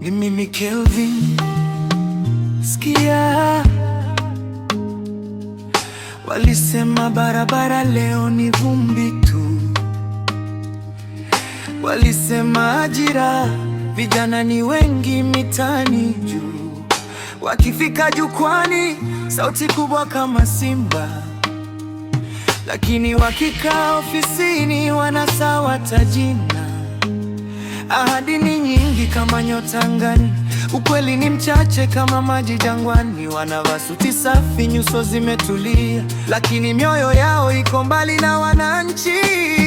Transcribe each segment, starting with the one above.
Ni mimi Kelvin, sikia, walisema barabara leo ni vumbi tu, walisema ajira vijana ni wengi mitani juu, wakifika jukwani sauti kubwa kama simba, lakini wakikaa ofisini wanasawa tajina Ahadi ni nyingi kama nyota angani, ukweli ni mchache kama maji jangwani. Wanavaa suti safi, nyuso zimetulia, lakini mioyo yao iko mbali na wananchi.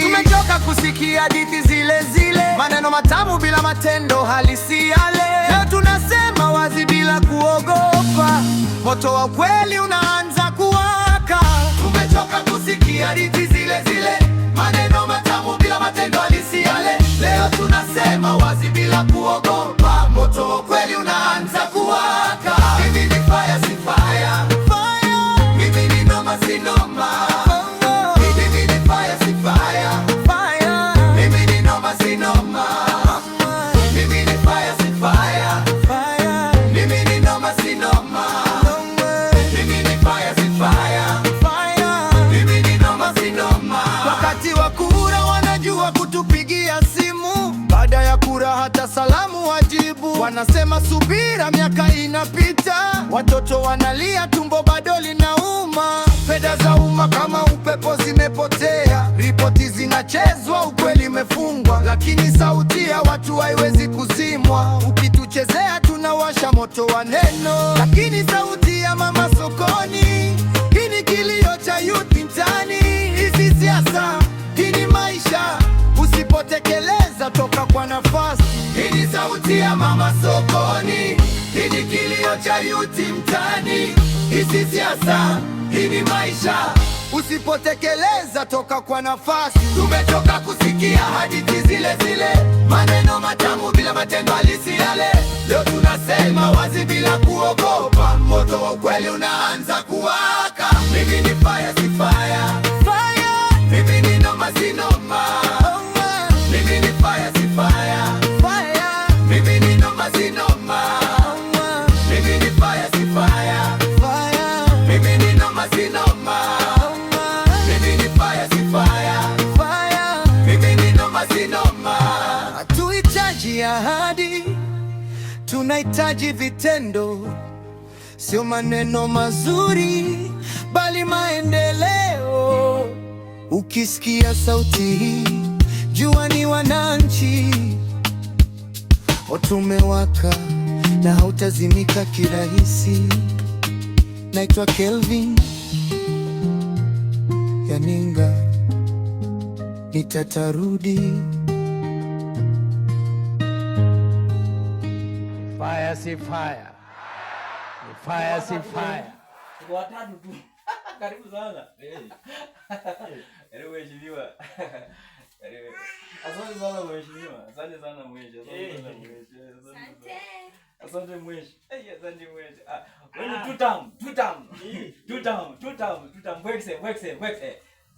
Tumechoka kusikia hadithi zile zile, maneno matamu bila matendo halisi yale. Leo tunasema wazi bila kuogopa, moto wa kweli una anasema subira, miaka inapita, watoto wanalia, tumbo bado linauma. Fedha za umma kama upepo zimepotea, ripoti zinachezwa, ukweli imefungwa, lakini sauti ya watu haiwezi kuzimwa. Ukituchezea tunawasha moto wa neno, lakini sauti ya mama sokoni kinikili sauti mama sokoni, hii ni kilio cha yuti mtani, hisi siasa, hii ni maisha. Usipotekeleza toka kwa nafasi. Tumechoka kusikia hadithi zile zile, maneno matamu bila matendo halisi yale. Leo tunasema wazi bila kuogopa, moto wa ukweli unaanza kuwaka. Mimi ni fire ahadi, tunahitaji vitendo, sio maneno mazuri, bali maendeleo. Ukisikia sauti hii, jua ni wananchi, moto umewaka na hautazimika kirahisi. Naitwa Kelvin Yaninga, nitatarudi. si fire. Ni fire, si fire. Watatu tu. Karibu sana. Karibu mheshimiwa. Karibu. Asante sana mheshimiwa. Asante sana mheshimiwa. Asante sana mheshimiwa. Asante. Asante mheshimiwa. Eh, asante mheshimiwa. Ah, wewe tutam, tutam. Tutam, tutam, tutam. Wexe, wexe, wexe.